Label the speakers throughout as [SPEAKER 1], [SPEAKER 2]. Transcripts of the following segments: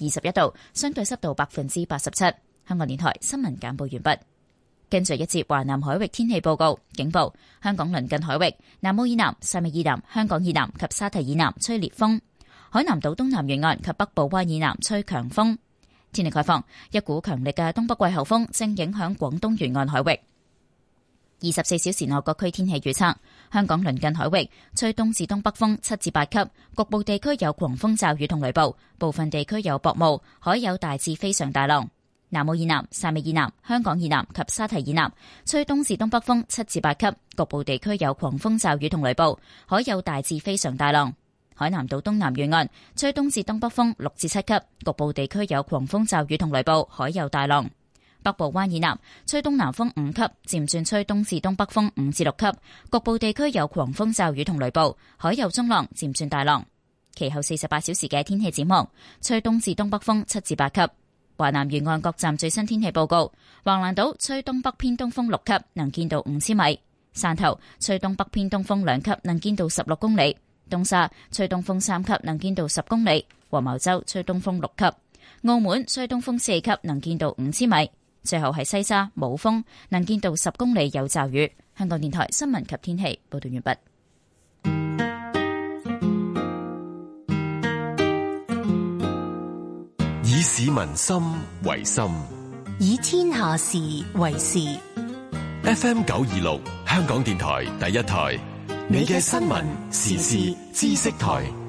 [SPEAKER 1] 二十一度，相對濕度百分之八十七。香港電台新聞簡報完畢。跟住一節華南海域天氣報告，警報：香港鄰近海域南澳以南、汕尾以南、香港以南及沙堤以南,堤以南吹烈風；海南島東南沿岸及北部灣以南吹強風。天氣概況，一股強烈嘅東北季候風正影響廣東沿岸海域。二十四小時內各區天氣預測。香港鄰近海域吹東至東北風七至八級，局部地區有狂風驟雨同雷暴，部分地區有薄霧，海有大至非常大浪。南澳以南、汕尾以南、香港以南及沙堤以南吹東至東北風七至八級，局部地區有狂風驟雨同雷暴，海有大至非常大浪。海南島東南沿岸吹東至東北風六至七級，局部地區有狂風驟雨同雷暴，海有大浪。北部灣以南吹東南風五級，漸轉吹東至東北風五至六級，局部地區有狂風驟雨同雷暴，海有中浪，漸轉大浪。其後四十八小時嘅天氣展望，吹東至東北風七至八級。華南沿岸各站最新天氣報告：橫瀾島吹東北偏東風六級，能見度五千米；汕頭吹東北偏東風兩級，能見度十六公里；東沙吹東風三級，能見度十公里；黃茅洲吹東風六級；澳門吹東風四級，能見度五千米。最後係西沙，冇風，能見度十公里，有驟雨。香港電台新聞及天氣報道完畢。以市民心為心，
[SPEAKER 2] 以天下事為事。
[SPEAKER 1] 時為時 FM 九二六，香港電台第一台，你嘅新聞時事知識台。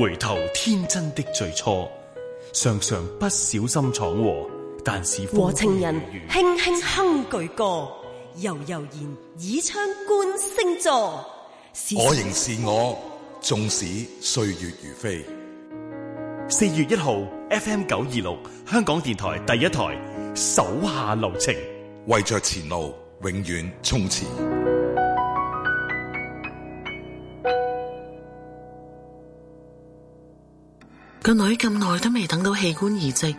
[SPEAKER 1] 回頭天真的最初
[SPEAKER 3] 常常不小心闖禍但是和情人
[SPEAKER 1] 輕輕哼句歌悠悠然倚窗觀星座我仍
[SPEAKER 3] 是我縱使歲月如飛四月一號 FM 九二六香港電台第一台手下留情
[SPEAKER 2] 為着前路永遠衝刺
[SPEAKER 4] 個女咁耐都未等到器官移植，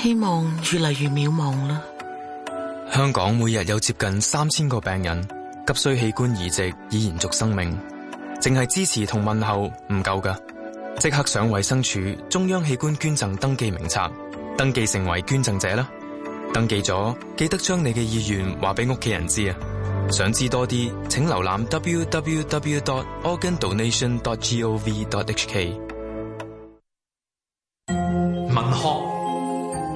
[SPEAKER 4] 希望越嚟越渺茫啦。
[SPEAKER 1] 香港每日有接近三千個病人急需器官移植以延續生命，淨係支持同問候唔夠噶，即刻上衛生署中央器官捐贈登記名冊，登記成為捐贈者啦。登記咗記得將你嘅意願話俾屋企人知啊。想知多啲，請瀏覽 www dot organ donation dot gov dot hk。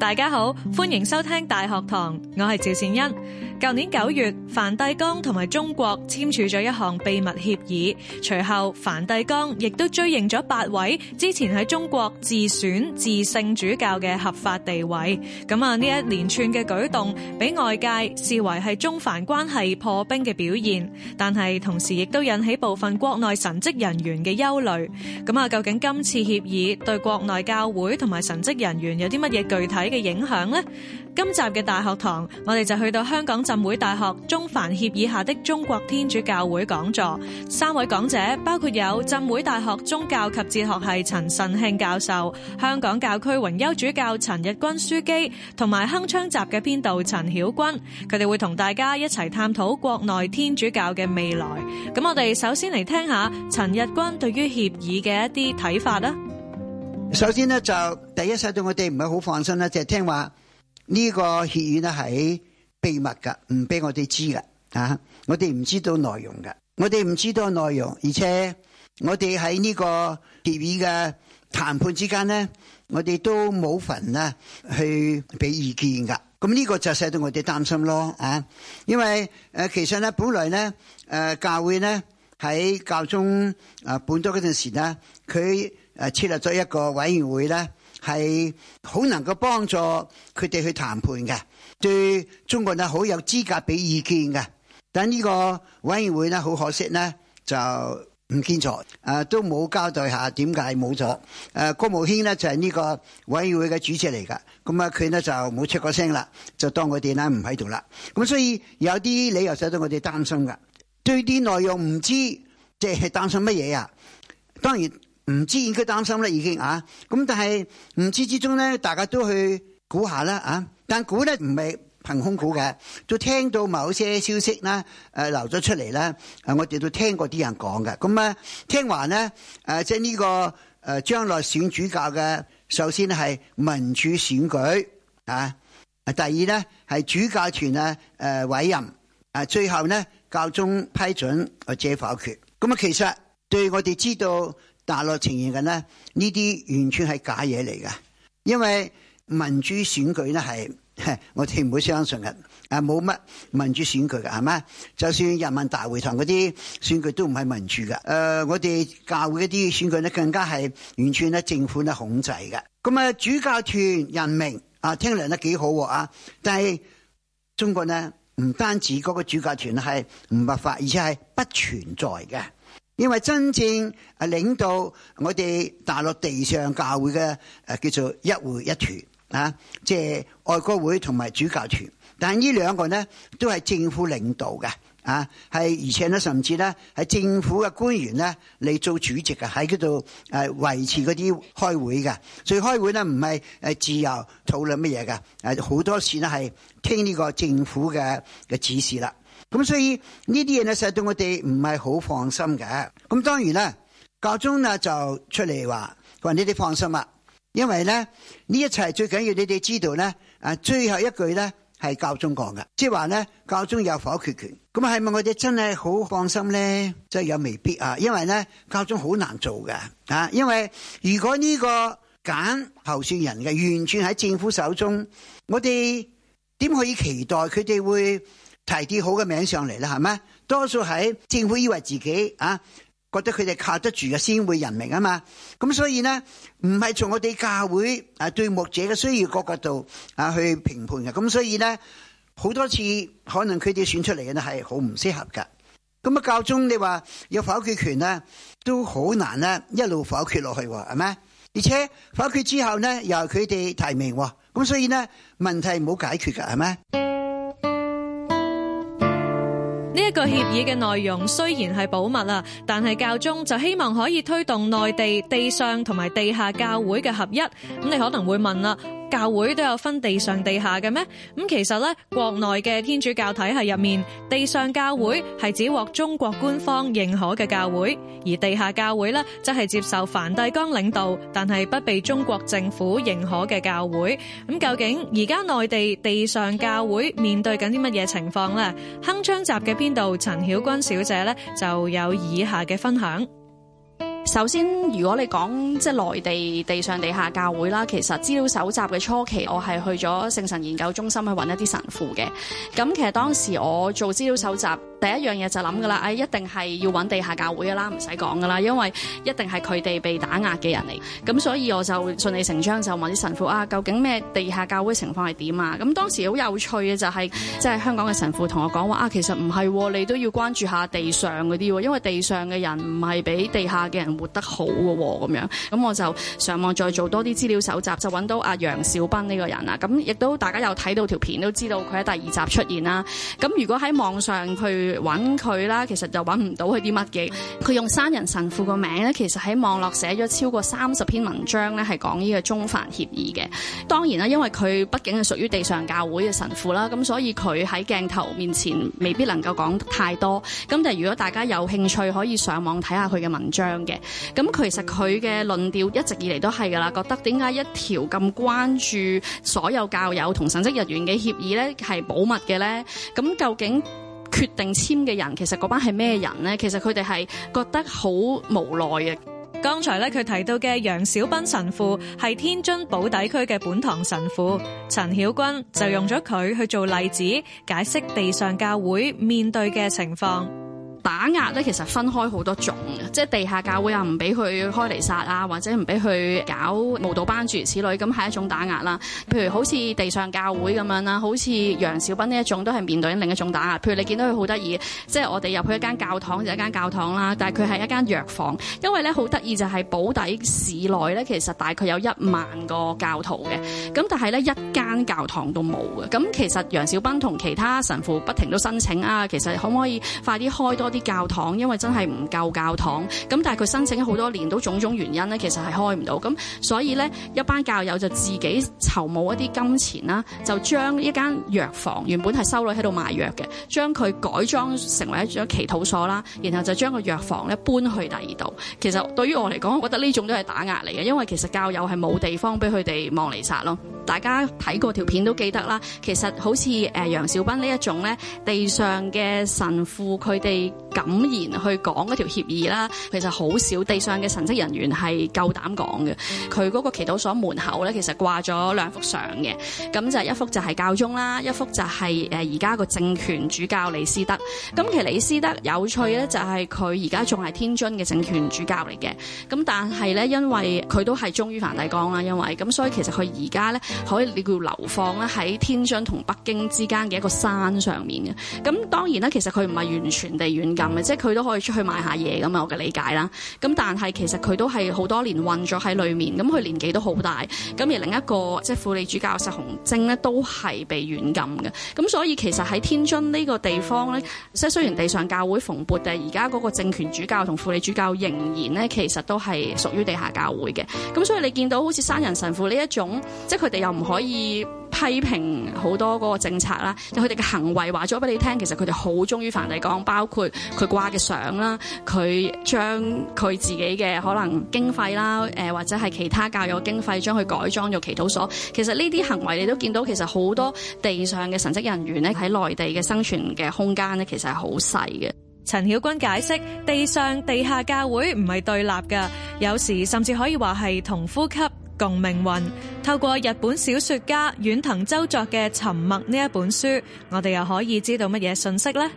[SPEAKER 3] 大家好，歡迎收聽大學堂，我係趙善恩。舊年九月，梵蒂岡同埋中國簽署咗一項秘密協議，隨後梵蒂岡亦都追認咗八位之前喺中國自選自聖主教嘅合法地位。咁啊，呢一連串嘅舉動俾外界視為係中梵關係破冰嘅表現，但係同時亦都引起部分國內神職人員嘅憂慮。咁啊，究竟今次協議對國內教會同埋神職人員有啲乜嘢具體嘅影響呢？今集嘅大學堂，我哋就去到香港浸會大學中梵協議下的中國天主教會講座。三位講者包括有浸會大學宗教及哲學系陳慎慶教授、香港教區榮休主教陳日君樞機，同埋《鏗鏘集》嘅編導陳曉君。佢哋會同大家一齊探討國內天主教嘅未來。咁我哋首先嚟聽下陳日君對於協議嘅一啲睇法啦。
[SPEAKER 5] 首先呢，就第一，受對我哋唔係好放心啦，就係、是、聽話。呢個協議呢係秘密噶，唔俾我哋知噶，啊！我哋唔知道內容噶，我哋唔知道內容，而且我哋喺呢個協議嘅談判之間呢，我哋都冇份啊，去俾意見噶。咁呢個就使到我哋擔心咯，啊！因為誒其實咧，本來咧誒教會呢喺教宗啊本篤嗰陣時咧，佢誒設立咗一個委員會咧。係好能夠幫助佢哋去談判嘅，對中國呢好有資格俾意見嘅。但呢個委員會呢，好可惜呢，就唔見咗，誒都冇交代下點解冇咗。誒國務卿呢，就係呢個委員會嘅主席嚟噶，咁啊佢呢，就冇出過聲啦，就當佢哋呢唔喺度啦。咁所以有啲理由使到我哋擔心㗎。對啲內容唔知，即係擔心乜嘢啊？當然。唔知應該擔心咧，已經啊！咁但係唔知之中咧，大家都去估下啦啊！但估咧唔係憑空估嘅，都聽到某些消息啦，誒、啊、流咗出嚟啦、啊，我哋都聽過啲人講嘅。咁啊，聽話咧，誒即係呢個誒將來選主教嘅，首先係民主選舉啊，第二咧係主教團咧誒委任啊，最後呢，教宗批准或者否決。咁啊，其實對我哋知道。大陸呈現緊咧，呢啲完全係假嘢嚟㗎，因為民主選舉咧係我哋唔會相信嘅，啊冇乜民主選舉嘅係咪？就算人民大會堂嗰啲選舉都唔係民主嘅。誒，我哋教會嗰啲選舉咧更加係完全政府咧控制嘅。咁啊，主教團任命啊，聽嚟咧幾好啊，但係中國呢，唔單止嗰個主教團係唔合法，而且係不存在嘅。因為真正啊領導我哋大陸地上教會嘅，誒，叫做一會一團啊，即係愛國會同埋主教團。但係呢兩個呢都係政府領導嘅啊，係而且咧甚至呢係政府嘅官員呢嚟做主席嘅，喺嗰度誒維持嗰啲開會嘅。所以開會呢唔係誒自由討論乜嘢噶，誒，好多時呢係聽呢個政府嘅嘅指示啦。咁所以呢啲嘢咧，實對我哋唔係好放心嘅。咁當然啦，教宗咧就出嚟話，話你哋放心啦。因為咧呢一切最緊要，你哋知道咧最後一句咧係教宗講嘅，即係話咧教宗有否決權。咁係咪我哋真係好放心咧？即係有未必啊。因為咧教宗好難做嘅啊。因為如果呢個揀候選人嘅完全喺政府手中，我哋點可以期待佢哋會？提啲好嘅名字上嚟啦，係咪？多數係政府以為自己啊，覺得佢哋靠得住嘅先會任命啊嘛。咁所以呢，唔係從我哋教會啊對牧者嘅需要角度啊去評判嘅。咁所以呢，好多次可能佢哋選出嚟嘅咧係好唔適合噶。咁啊，教宗你話有否決權啊，都好難啊一路否決落去喎，係咪？而且否決之後呢，又係佢哋提名，咁所以呢，問題係冇解決噶，係咪？
[SPEAKER 3] 呢個協議嘅內容雖然係保密啦，但係教宗就希望可以推動內地、地上同埋地下教會嘅合一。咁你可能會問啦。教會都有分地上、地下嘅咩？咁其實咧，國內嘅天主教體系入面，地上教會係只獲中國官方認可嘅教會，而地下教會咧則係接受梵蒂岡領導，但係不被中國政府認可嘅教會。咁究竟而家內地地上教會面對緊啲乜嘢情況咧？《鏗鏘
[SPEAKER 4] 集》嘅編導陳曉君小姐咧就有以下嘅分享。首先，如果你講即係內地地上地下教會啦，其實資料搜集嘅初期，我係去咗聖神研究中心去搵一啲神父嘅。咁其實當時我做資料搜集。第一樣嘢就諗噶啦，一定係要揾地下教會噶啦，唔使講噶啦，因為一定係佢哋被打壓嘅人嚟。咁所以我就順理成章就問啲神父啊，究竟咩地下教會情況係點啊？咁當時好有趣嘅就係，即係香港嘅神父同我講話啊，其實唔係，你都要關注下地上嗰啲，因為地上嘅人唔係比地下嘅人活得好喎，咁樣。咁我就上網再做多啲資料搜集，就揾到阿楊小斌呢個人啊。咁亦都大家有睇到條片，都知道佢喺第二集出現啦。咁如果喺網上去。揾佢啦，其實就揾唔到佢啲乜嘅。佢用三人神父個名咧，其實喺網絡寫咗超過三十篇文章咧，係講呢個中梵協議嘅。當然啦，因為佢畢竟係屬於地上教會嘅神父啦，咁所以佢喺鏡頭面前未必能夠講太多。咁但係如果大家有興趣，可以上網睇下佢嘅文章嘅。咁其實佢嘅論調一直以嚟都係噶啦，覺得點解一條咁關注所有教友同神職人員嘅協議咧係保密嘅咧？咁究竟？決定簽嘅人其實嗰班係咩人呢？其實佢哋係覺得好無奈嘅。
[SPEAKER 3] 剛才咧佢提到嘅楊小斌神父係天津寶坻區嘅本堂神父，陳曉君就用咗佢去做例子，解釋地上教會面
[SPEAKER 4] 對嘅情況。打壓咧，其實分開好多種，即係地下教會又唔俾佢開彌撒啊，或者唔俾佢搞慕道班諸如此類，咁係一種打壓啦。譬如好似地上教會咁樣啦，好似楊小斌呢一種都係面對緊另一種打壓。譬如你見到佢好得意，即係我哋入去一間教堂就一間教堂啦，但係佢係一間藥房，因為咧好得意就係保定市內咧，其實大概有一萬個教徒嘅，咁但係咧一間教堂都冇嘅。咁其實楊小斌同其他神父不停都申請啊，其實可唔可以快啲開多啲教堂，因為真係唔夠教堂，咁但係佢申請咗好多年，都種種原因咧，其實係開唔到，咁所以咧一班教友就自己籌募一啲金錢啦，就將一間藥房，原本係修女喺度賣藥嘅，將佢改裝成為一張祈禱所啦，然後就將個藥房咧搬去第二度。其實對於我嚟講，我覺得呢種都係打壓嚟嘅，因為其實教友係冇地方俾佢哋望彌撒咯。大家睇過條片都記得啦，其實好似誒楊小斌呢一種咧，地上嘅神父佢哋。他們敢言去講嗰條協議啦，其實好少地上嘅神職人員係夠膽講嘅。佢嗰個祈禱所門口咧，其實掛咗兩幅相嘅，咁就係一幅就係教宗啦，一幅就係誒而家個政權主教李斯德。咁其實李斯德有趣咧，就係佢而家仲係天津嘅政權主教嚟嘅。咁但係咧，因為佢都係忠於梵蒂岡啦，因為咁，所以其實佢而家咧可以你叫流放啦，喺天津同北京之間嘅一個山上面嘅。咁當然啦，其實佢唔係完全地遠。即係佢都可以出去買下嘢噶嘛，我嘅理解啦。咁但係其實佢都係好多年困咗喺裏面。咁佢年紀都好大。咁而另一個即係輔理主教石鴻禎呢，都係被軟禁嘅。咁所以其實喺天津呢個地方呢，即係雖然地上教會蓬勃，但係而家嗰個正權主教同輔理主教仍然呢，其實都係屬於地下教會嘅。咁所以你見到好似山人神父呢一種，即係佢哋又唔可以。批評好多嗰個政策啦，就佢哋嘅行為話咗俾你聽，其實佢哋好忠於梵蒂岡，包括佢掛嘅相啦，佢將佢自己嘅可能經費啦，誒或者係其他教育經費將佢改裝做祈禱所。其實呢啲行為你都見到，其實好多地上嘅神職人員咧喺內地嘅生存嘅空間咧，其實係好細嘅。陳曉君解釋，地上地下教會唔係對立嘅，
[SPEAKER 3] 有時甚至可以話係同呼吸共命運透過日本小說家遠藤周作嘅《沉默》呢一本書，我哋又可以知道乜嘢信息咧？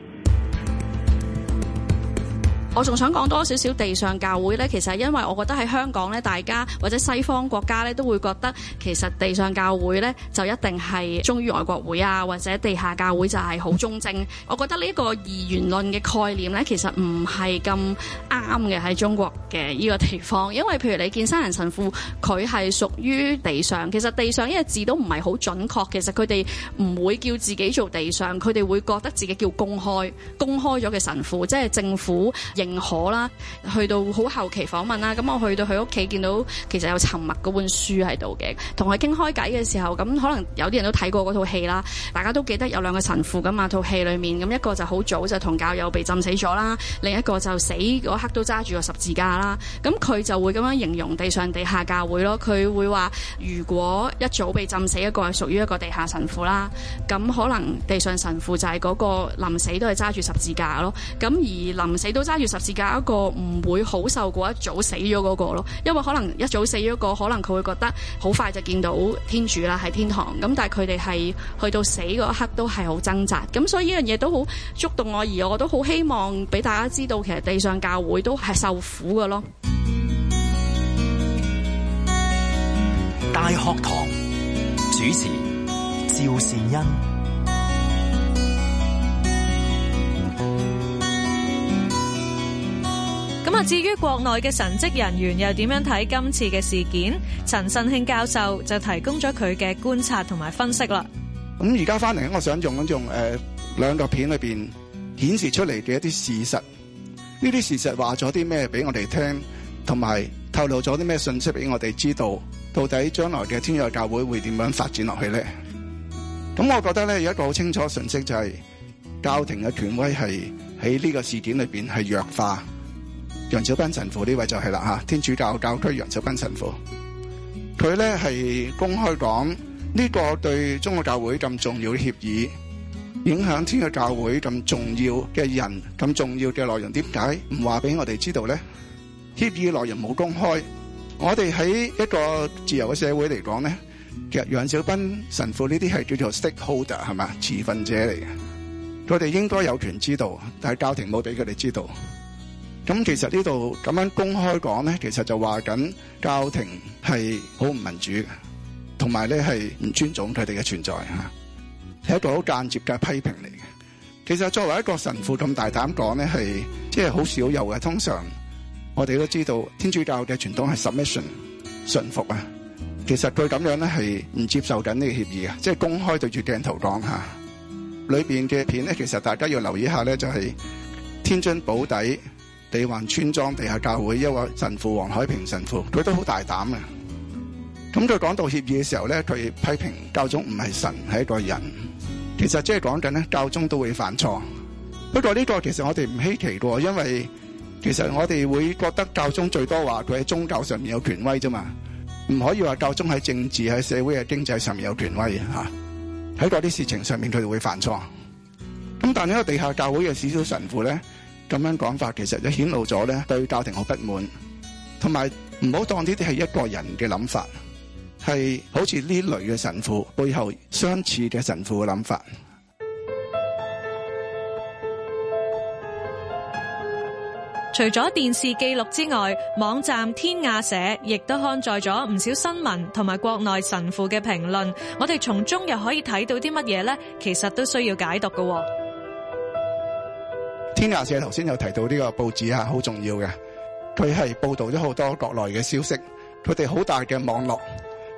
[SPEAKER 4] 我仲想講多少少地上教會呢，其實因為我覺得喺香港呢，大家或者西方國家呢，都會覺得其實地上教會呢，就一定係忠於愛國會啊，或者地下教會就係好忠正。我覺得呢個二元論嘅概念呢，其實唔係咁啱嘅，喺中國嘅呢個地方，因為譬如你見山人神父，佢係屬於地上，其實地上呢個字都唔係好準確。其實佢哋唔會叫自己做地上，佢哋會覺得自己叫公開，公開咗嘅神父，即係政府認可啦，去到好後期訪問啦，咁我去到佢屋企見到其實有沉默嗰本書喺度嘅，同佢傾開偈嘅時候，咁可能有啲人都睇過嗰套戲啦，大家都記得有兩個神父噶嘛，套戲裡面，咁一個就好早就同教友被浸死咗啦，另一個就死嗰刻都揸住個十字架啦，咁佢就會咁樣形容地上地下教會咯，佢會話如果一早被浸死一個係屬於一個地下神父啦，咁可能地上神父就係嗰個臨死都係揸住十字架咯，咁而臨死都揸住。十字架一個唔會好受過一早死咗嗰個咯，因為可能一早死咗個，可能佢會覺得好快就見到天主啦，喺天堂。咁但係佢哋係去到死嗰一刻都係好掙扎。咁所以呢樣嘢都好觸動我，而我都好希望俾大家知道，其實地上教會都係受苦㗎咯。
[SPEAKER 5] 大學堂主持趙善恩。
[SPEAKER 3] 咁啊，至於國內嘅神職人員又點樣睇今次嘅事件？陳慎慶教授就提供咗佢嘅觀察同埋分析啦。
[SPEAKER 2] 咁而家翻嚟，我想用一用誒，兩個片裏邊顯示出嚟嘅一啲事實，呢啲事實話咗啲咩俾我哋聽，同埋透露咗啲咩信息俾我哋知道，到底將來嘅天主教會會點樣發展落去咧？咁我覺得咧，有一個好清楚嘅信息就係、是、教廷嘅權威係喺呢個事件裏邊係弱化。楊小斌神父呢位就係啦吓，天主教教區楊小斌神父，佢咧係公開講呢個對中國教會咁重要嘅協議，影響天嘅教會咁重要嘅人，咁重要嘅內容，點解唔話俾我哋知道咧？協議內容冇公開，我哋喺一個自由嘅社會嚟講咧，其實楊小斌神父呢啲係叫做 stakeholder 係嘛，持份者嚟嘅，佢哋應該有權知道，但係教廷冇俾佢哋知道。咁其實呢度咁樣公開講咧，其實就話緊教廷係好唔民主嘅，同埋咧係唔尊重佢哋嘅存在嚇，係一個好間接嘅批評嚟嘅。其實作為一個神父咁大膽講咧，係即係好少有嘅。通常我哋都知道天主教嘅傳統係 submission 順服啊。其實佢咁樣咧係唔接受緊呢個協議啊，即係、就是、公開對住鏡頭講下裏面嘅片咧，其實大家要留意下咧，就係、是、天津寶坻。地環村莊地下教會一位神父王海平神父，佢都好大膽嘅。咁佢講到協議嘅時候咧，佢批評教宗唔係神，係一個人。其實即係講緊咧，教宗都會犯錯。不過呢個其實我哋唔稀奇嘅，因為其實我哋會覺得教宗最多話佢喺宗教上面有權威啫嘛，唔可以話教宗喺政治、喺社會、喺經濟上面有權威啊。喺嗰啲事情上面佢哋會犯錯。咁但係呢個地下教會嘅少少神父咧。咁樣講法其實就顯露咗咧對教廷好不滿，同埋唔好當呢啲係一個人嘅諗法，係好似呢類嘅神父背後相似嘅神父嘅諗法。
[SPEAKER 3] 除咗電視記錄之外，網站天亞社亦都刊載咗唔少新聞同埋國內神父嘅評論，我哋從中又可以睇到啲乜嘢呢？其實都需要解讀嘅。
[SPEAKER 2] 《天下社》頭先有提到呢個報紙啊，好重要嘅。佢係報道咗好多國內嘅消息，佢哋好大嘅網絡，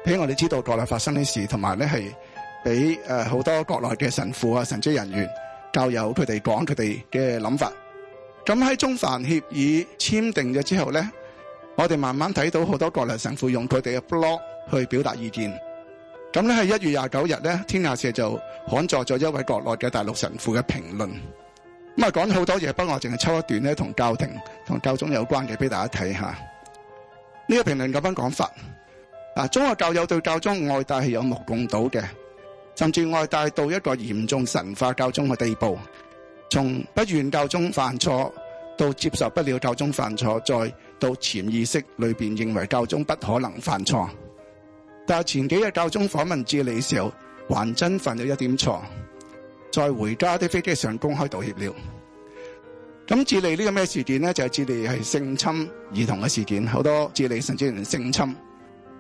[SPEAKER 2] 俾我哋知道國內發生啲事，同埋咧係俾誒好多國內嘅神父啊、神職人員、教友佢哋講佢哋嘅諗法。咁喺中梵協議簽訂咗之後咧，我哋慢慢睇到好多國內神父用佢哋嘅 blog 去表達意見。咁咧喺一月廿九日咧，《天下社》就刊載咗一位國內嘅大陸神父嘅評論。咁啊，講好多嘢，不過我淨係抽一段咧，同教廷、同教宗有關嘅俾大家睇下。呢、這個評論咁樣講法，中學教友對教宗愛戴係有目共睹嘅，甚至愛戴到一個嚴重神化教宗嘅地步，從不願教宗犯錯，到接受不了教宗犯錯，再到潛意識裏面認為教宗不可能犯錯。但係前幾日教宗訪問智利時候，還真犯咗一點錯。再回家啲飛機上公開道歉了。咁智利呢個咩事件呢？就係智利係性侵兒童嘅事件，好多智利神職人員性侵。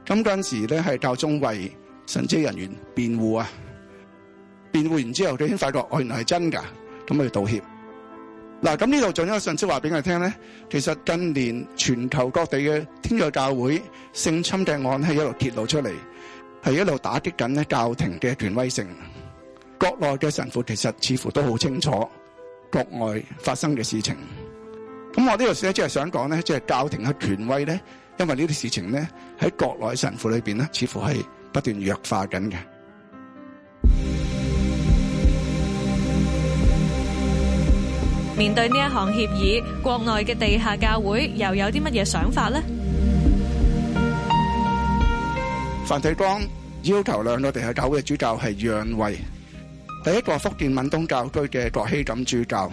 [SPEAKER 2] 咁嗰陣時咧係教宗為神職人員辯護啊，辯護完之後佢先發覺，原來係真㗎，咁佢道歉。嗱，咁呢度仲有個信息話俾我哋聽咧，其實近年全球各地嘅天主教會性侵嘅案係一路揭露出嚟，係一路打擊緊呢教廷嘅權威性。國內嘅神父其實似乎都好清楚國外發生嘅事情。咁我呢度寫即係想講咧，即係教廷嘅權威咧，因為呢啲事情咧喺國內神父裏邊咧，似乎係不斷弱化緊嘅。
[SPEAKER 3] 面對呢一行協議，國內嘅地下教會又有啲乜嘢想法咧？
[SPEAKER 2] 梵蒂岡要求兩個地下教會嘅主教係讓位。第一個福建閩東教區嘅郭希錦主教，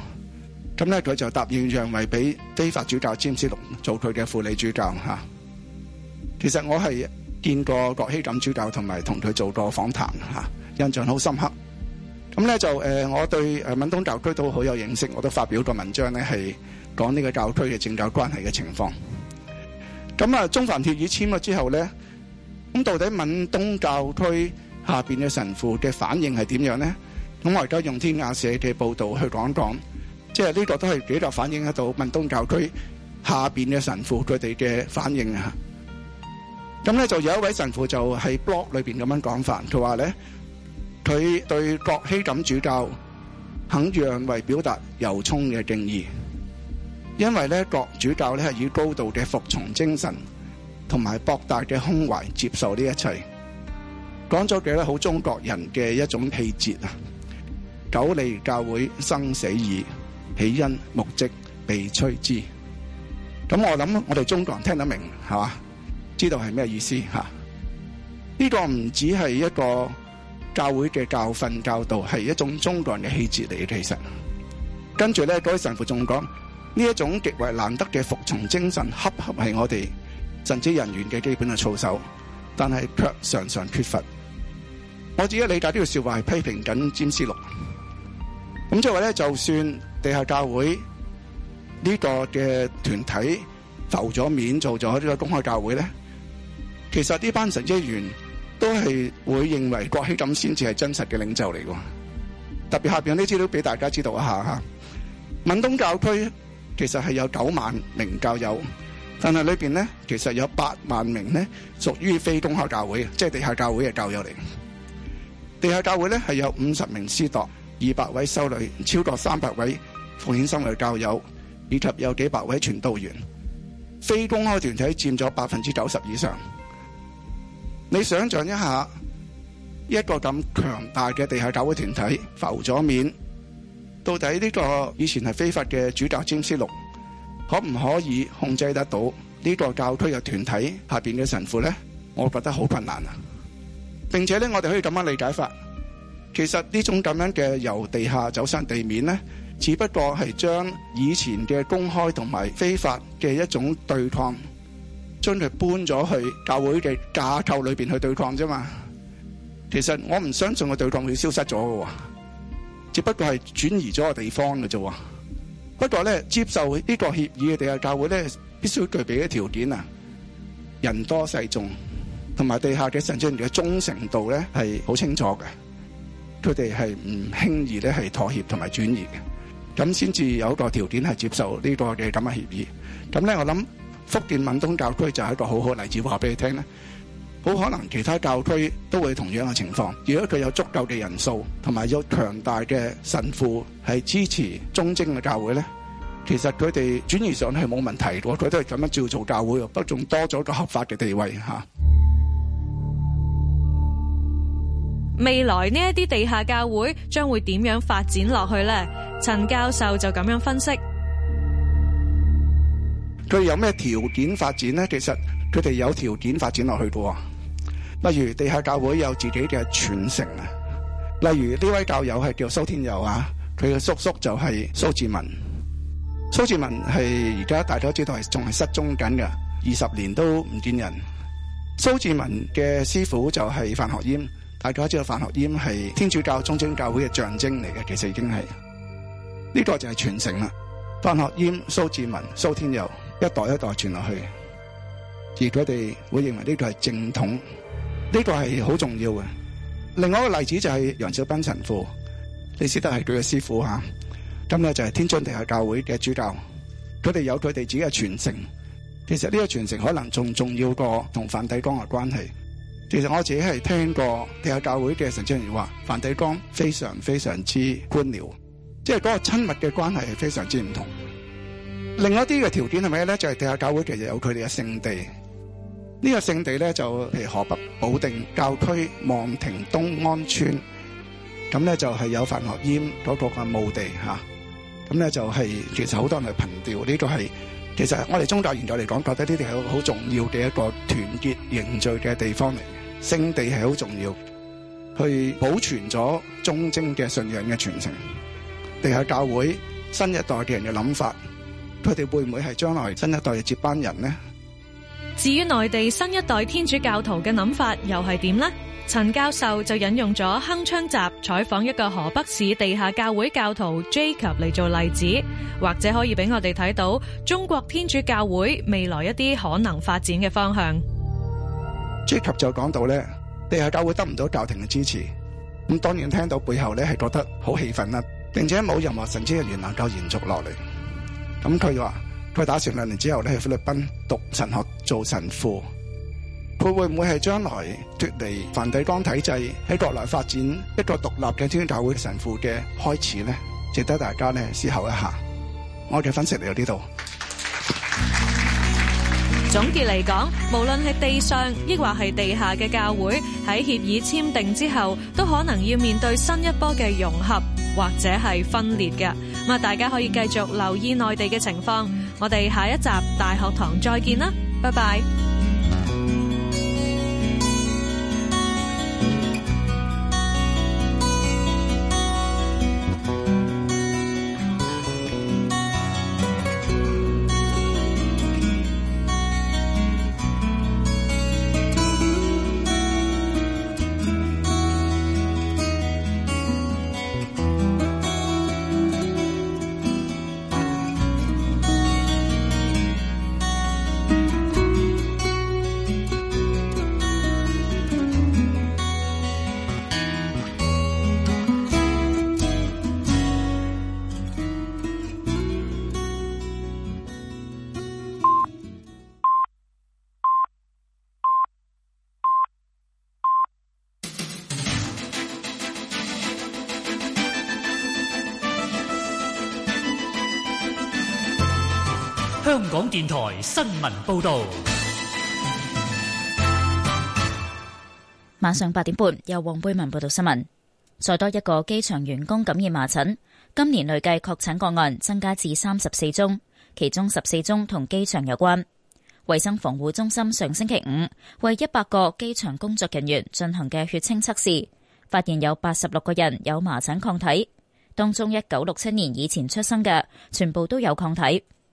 [SPEAKER 2] 咁咧佢就答應讓位俾非法主教，詹思祿做佢嘅輔理主教吓、啊？其實我係見過郭希錦主教，同埋同佢做過訪談吓，印象好深刻。咁咧就誒、呃，我對誒閩東教區都好有認識，我都發表過文章咧，係講呢個教區嘅政教關係嘅情況。咁啊，中梵協議簽咗之後咧，咁到底閩東教區下邊嘅神父嘅反應係點樣咧？咁我而家用天眼社嘅報導去講講，即係呢個都係比較反映得到閩東教區下面嘅神父佢哋嘅反應嚇、啊。咁咧就有一位神父就喺 blog 裏面咁樣講法，佢話咧佢對郭希錦主教肯讓位表達由衷嘅敬意，因為咧郭主教咧係以高度嘅服從精神同埋博大嘅胸懷接受呢一切，講咗幾多好中國人嘅一種氣節啊！九利教會生死以，起因目的被摧之。咁我諗我哋中國人聽得明，係嘛？知道係咩意思吓？呢、這個唔只係一個教會嘅教訓教導，係一種中國人嘅氣節嚟嘅。其實，跟住咧，各位神父仲講呢一種極為難得嘅服從精神，恰恰係我哋神職人員嘅基本嘅操守，但係卻常常缺乏。我自己理解呢句說話係批評緊詹思祿。咁即係話咧，就算地下教會呢個嘅團體浮咗面，做咗呢個公開教會咧，其實呢班神職員都係會認為郭希錦先至係真實嘅領袖嚟嘅。特別下邊啲資料俾大家知道一下吓，閩東教區其實係有九萬名教友，但係裏邊咧其實有八萬名咧屬於非公開教會，即係地下教會嘅教友嚟。地下教會咧係有五十名司鐸，二百位修女，超過三百位奉獻心理教友，以及有幾百位傳道員，非公開團體佔咗百分之九十以上。你想象一下，一個咁強大嘅地下教會團體浮咗面，到底呢個以前係非法嘅主教詹思祿可唔可以控制得到呢個教區嘅團體下邊嘅神父呢？我覺得好困難啊！並且咧，我哋可以咁樣理解法。其實呢種咁樣嘅由地下走上地面咧，只不過係將以前嘅公開同埋非法嘅一種對抗，將佢搬咗去教會嘅架構裏邊去對抗啫嘛。其實我唔相信個對抗會消失咗嘅喎，只不過係轉移咗個地方嘅啫。不過咧，接受呢個協議嘅地下教會咧，必須具備嘅條件啊，人多勢眾，同埋地下嘅神職人員嘅忠誠度咧，係好清楚嘅。佢哋係唔輕易咧係妥協同埋轉移嘅，咁先至有一個條件係接受呢個嘅咁嘅協議。咁咧我諗福建閩東教區就係一個好好例子，話俾你聽咧，好可能其他教區都會同樣嘅情況。如果佢有足夠嘅人數同埋有強大嘅神父係支持忠貞嘅教會咧，其實佢哋轉移上去係冇問題嘅，佢都係咁樣照做教會，不仲多咗一個合法嘅地位嚇。啊
[SPEAKER 3] 未來呢一啲地下教會將會點樣發展落去呢？陳教授就咁樣分析
[SPEAKER 2] 佢有咩條件發展呢？其實佢哋有條件發展落去喎。例如地下教會有自己嘅傳承啊。例如呢位教友係叫蘇天佑啊，佢嘅叔叔就係蘇志文。蘇志文係而家大家知道係仲係失蹤緊嘅，二十年都唔見人。蘇志文嘅師傅就係范學淹。」大家知道范學淹係天主教忠貞教會嘅象徵嚟嘅，其實已經係呢、這個就係傳承啦。范學淹、蘇志文、蘇天佑一代一代傳落去，而佢哋會認為呢個係正統，呢、這個係好重要嘅。另外一個例子就係楊少斌神父，你思德係佢嘅師傅吓，咁、啊、咧就係天津地下教會嘅主教，佢哋有佢哋自己嘅傳承。其實呢個傳承可能仲重要過同梵蒂岡嘅關係。其實我自己係聽過地下教會嘅神職人員話，梵蒂岡非常非常之官僚，即係嗰個親密嘅關係係非常之唔同。另外一啲嘅條件係咪咧？就係、是、地下教會其實有佢哋嘅聖地，呢、這個聖地咧就譬如河北保定教區望亭東安村，咁咧就係、是、有范學淹嗰個嘅墓地吓，咁、啊、咧就係、是、其實好多人去憑弔呢個係，其實我哋宗教研究嚟講，覺得呢啲係好重要嘅一個團結凝聚嘅地方嚟。聖地係好重要，去保存咗忠貞嘅信仰嘅傳承。地下教會新一代嘅人嘅諗法，佢哋會唔會係將來新一代嘅接班人呢？至
[SPEAKER 3] 於內地新一代天主教徒嘅諗法又係點呢？陳教授就引用咗《鏗鏘集》採訪一個河北市地下教會教徒 Jacob 嚟做例子，或者可以俾我哋睇到中國天主教會未來一啲可能發展嘅方向。
[SPEAKER 2] Jacob 就講到咧，地下教會得唔到教廷嘅支持，咁當然聽到背後咧係覺得好氣憤啦，並且冇任何神職人員能夠延續落嚟。咁佢話佢打算兩年之後咧去菲律賓讀神學做神父，佢會唔會係將來脫離梵蒂岡體制喺國內發展一個獨立嘅天主教會神父嘅開始呢？值得大家咧思考一下。我嘅分析嚟到呢度。
[SPEAKER 3] 總結嚟講，無論係地上，抑或係地下嘅教會，喺協議簽訂之後，都可能要面對新一波嘅融合，或者係分裂㗎。咁大家可以繼續留意內地嘅情況。我哋下一集大學堂再見啦，拜拜。
[SPEAKER 4] 港電台新聞報道：
[SPEAKER 1] 晚上八點半，由黃貝文報道新聞。再多一個機場員工感染麻疹，今年累計確診個案增加至三十四宗，其中十四宗同機場有關。衛生防護中心上星期五為一百個機場工作人員進行嘅血清測試，發現有八十六個人有麻疹抗體，當中一九六七年以前出生嘅全部都有抗體。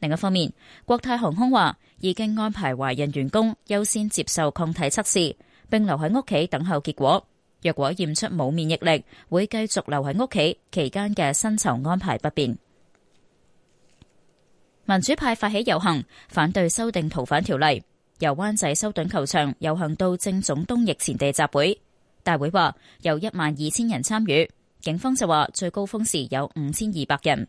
[SPEAKER 1] 另一方面，國泰航空話已經安排懷孕員工優先接受抗體測試，並留喺屋企等候結果。若果驗出冇免疫力，會繼續留喺屋企期間嘅薪酬安排不變。民主派發起遊行，反對修訂逃犯條例，由灣仔修頓球場遊行到正總東翼前地集會。大會話有一萬二千人參與，警方就話最高峰時有五千二百人。